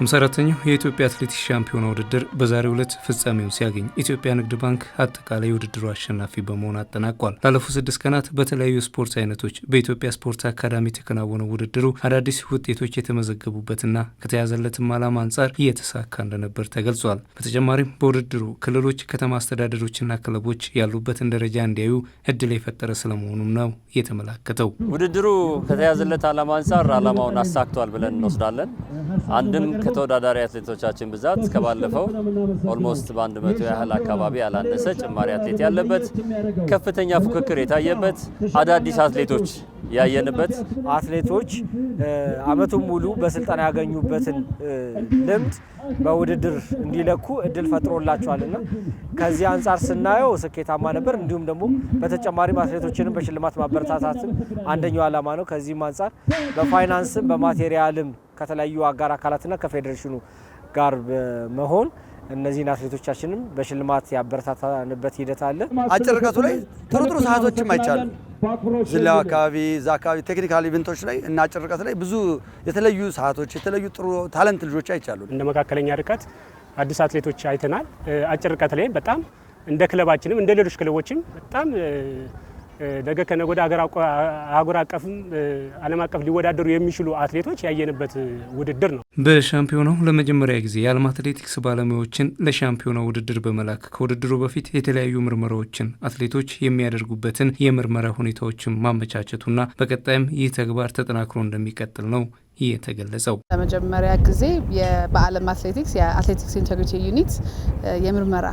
ሃምሳአራተኛው የኢትዮጵያ አትሌቲክስ ሻምፒዮና ውድድር በዛሬው ዕለት ፍጻሜውን ሲያገኝ ኢትዮጵያ ንግድ ባንክ አጠቃላይ ውድድሩ አሸናፊ በመሆን አጠናቋል። ላለፉት ስድስት ቀናት በተለያዩ ስፖርት አይነቶች በኢትዮጵያ ስፖርት አካዳሚ የተከናወነው ውድድሩ አዳዲስ ውጤቶች የተመዘገቡበትና ከተያዘለትም ዓላማ አንጻር እየተሳካ እንደነበር ተገልጿል። በተጨማሪም በውድድሩ ክልሎች፣ ከተማ አስተዳደሮችና ክለቦች ያሉበትን ደረጃ እንዲያዩ እድል የፈጠረ ስለመሆኑም ነው የተመላከተው። ውድድሩ ከተያዘለት ዓላማ አንጻር ዓላማውን አሳክቷል ብለን እንወስዳለን አንድም ከተወዳዳሪ አትሌቶቻችን ብዛት ከባለፈው ኦልሞስት በአንድ መቶ ያህል አካባቢ ያላነሰ ጭማሪ አትሌት ያለበት ከፍተኛ ፉክክር የታየበት አዳዲስ አትሌቶች ያየንበት አትሌቶች አመቱን ሙሉ በስልጠና ያገኙበትን ልምድ በውድድር እንዲለኩ እድል ፈጥሮላቸዋል እና ከዚህ አንጻር ስናየው ስኬታማ ነበር። እንዲሁም ደግሞ በተጨማሪም አትሌቶችንም በሽልማት ማበረታታትም አንደኛው ዓላማ ነው። ከዚህም አንጻር በፋይናንስም በማቴሪያልም ከተለያዩ አጋር አካላትና ከፌዴሬሽኑ ጋር በመሆን እነዚህን አትሌቶቻችንም በሽልማት ያበረታታንበት ሂደት አለ። አጭር ርቀቱ ላይ ጥሩ ጥሩ ሰዓቶችም አይቻሉ ዝላ አካባቢ እዛ አካባቢ ቴክኒካል ኢቨንቶች ላይ እና አጭር ርቀት ላይ ብዙ የተለዩ ሰዓቶች የተለዩ ጥሩ ታለንት ልጆች አይቻሉ። እንደ መካከለኛ ርቀት አዲስ አትሌቶች አይተናል። አጭር ርቀት ላይ በጣም እንደ ክለባችንም እንደ ሌሎች ክለቦችም በጣም ነገ ከነገወዲያ አህጉር አቀፍም ዓለም አቀፍ ሊወዳደሩ የሚችሉ አትሌቶች ያየንበት ውድድር ነው። በሻምፒዮናው ለመጀመሪያ ጊዜ የዓለም አትሌቲክስ ባለሙያዎችን ለሻምፒዮና ውድድር በመላክ ከውድድሩ በፊት የተለያዩ ምርመራዎችን አትሌቶች የሚያደርጉበትን የምርመራ ሁኔታዎችን ማመቻቸቱና በቀጣይም ይህ ተግባር ተጠናክሮ እንደሚቀጥል ነው የተገለጸው። ለመጀመሪያ ጊዜ በዓለም አትሌቲክስ የአትሌቲክስ ኢንቴግሪቲ ዩኒት የምርመራ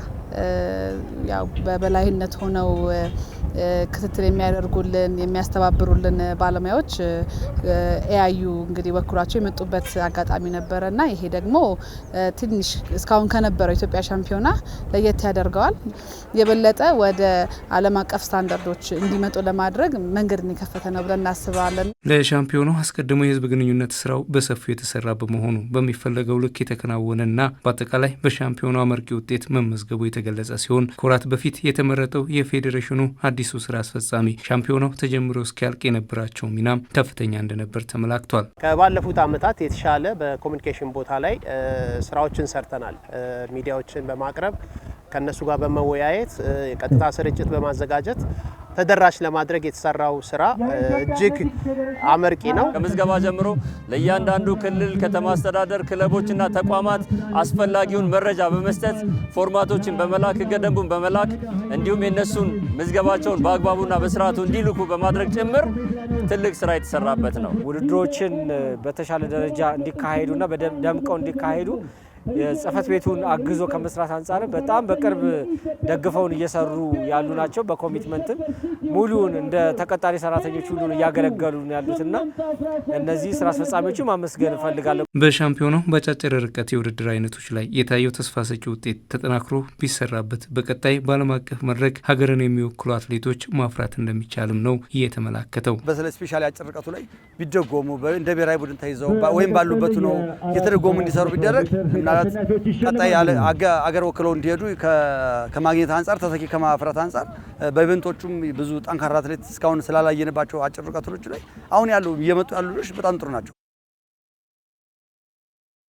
ያው በበላይነት ሆነው ክትትል የሚያደርጉልን የሚያስተባብሩልን ባለሙያዎች ኤያዩ እንግዲህ ወክሏቸው የመጡበት አጋጣሚ ነበረ እና ይሄ ደግሞ ትንሽ እስካሁን ከነበረው ኢትዮጵያ ሻምፒዮና ለየት ያደርገዋል። የበለጠ ወደ ዓለም አቀፍ ስታንዳርዶች እንዲመጡ ለማድረግ መንገድን የከፈተ ነው ብለን እናስባለን። ለሻምፒዮኑ አስቀድሞ የህዝብ ግንኙነት ስራው በሰፊው የተሰራ በመሆኑ በሚፈለገው ልክ የተከናወነና በአጠቃላይ በሻምፒዮኗ አመርቂ ውጤት መመዝገቡ የተገለጸ ሲሆን ከወራት በፊት የተመረጠው የፌዴሬሽኑ አዲሱ ስራ አስፈጻሚ ሻምፒዮናው ተጀምሮ እስኪያልቅ የነበራቸው ሚናም ከፍተኛ እንደነበር ተመላክቷል። ከባለፉት ዓመታት የተሻለ በኮሚኒኬሽን ቦታ ላይ ስራዎችን ሰርተናል። ሚዲያዎችን በማቅረብ ከእነሱ ጋር በመወያየት ቀጥታ ስርጭት በማዘጋጀት ተደራሽ ለማድረግ የተሰራው ስራ እጅግ አመርቂ ነው። ከምዝገባ ጀምሮ ለእያንዳንዱ ክልል ከተማ አስተዳደር ክለቦችና ተቋማት አስፈላጊውን መረጃ በመስጠት ፎርማቶችን በመላክ ህገ ደንቡን በመላክ እንዲሁም የነሱን ምዝገባቸውን በአግባቡና በስርዓቱ እንዲልኩ በማድረግ ጭምር ትልቅ ስራ የተሰራበት ነው። ውድድሮችን በተሻለ ደረጃ እንዲካሄዱና በደምቀው እንዲካሄዱ የጽህፈት ቤቱን አግዞ ከመስራት አንጻር በጣም በቅርብ ደግፈውን እየሰሩ ያሉ ናቸው። በኮሚትመንትም ሙሉውን እንደ ተቀጣሪ ሰራተኞች ሁሉን እያገለገሉ ያሉትና እነዚህ ስራ አስፈጻሚዎቹ ማመስገን እፈልጋለሁ። በሻምፒዮናው በአጫጭር ርቀት የውድድር አይነቶች ላይ የታየው ተስፋ ሰጪ ውጤት ተጠናክሮ ቢሰራበት በቀጣይ በዓለም አቀፍ መድረክ ሀገርን የሚወክሉ አትሌቶች ማፍራት እንደሚቻልም ነው እየተመላከተው። በተለይ ስፔሻል አጭር ርቀቱ ላይ ቢደጎሙ እንደ ብሔራዊ ቡድን ተይዘው ወይም ባሉበት ነው የተደጎሙ እንዲሰሩ ቢደረግ አባላት ቀጣይ አገር ወክለው እንዲሄዱ ከማግኘት አንጻር ተተኪ ከማፍራት አንጻር በኢቨንቶቹም ብዙ ጠንካራ አትሌት እስካሁን ስላላየንባቸው አጭር ርቀቶች ላይ አሁን ያሉ እየመጡ ያሉ ልጆች በጣም ጥሩ ናቸው።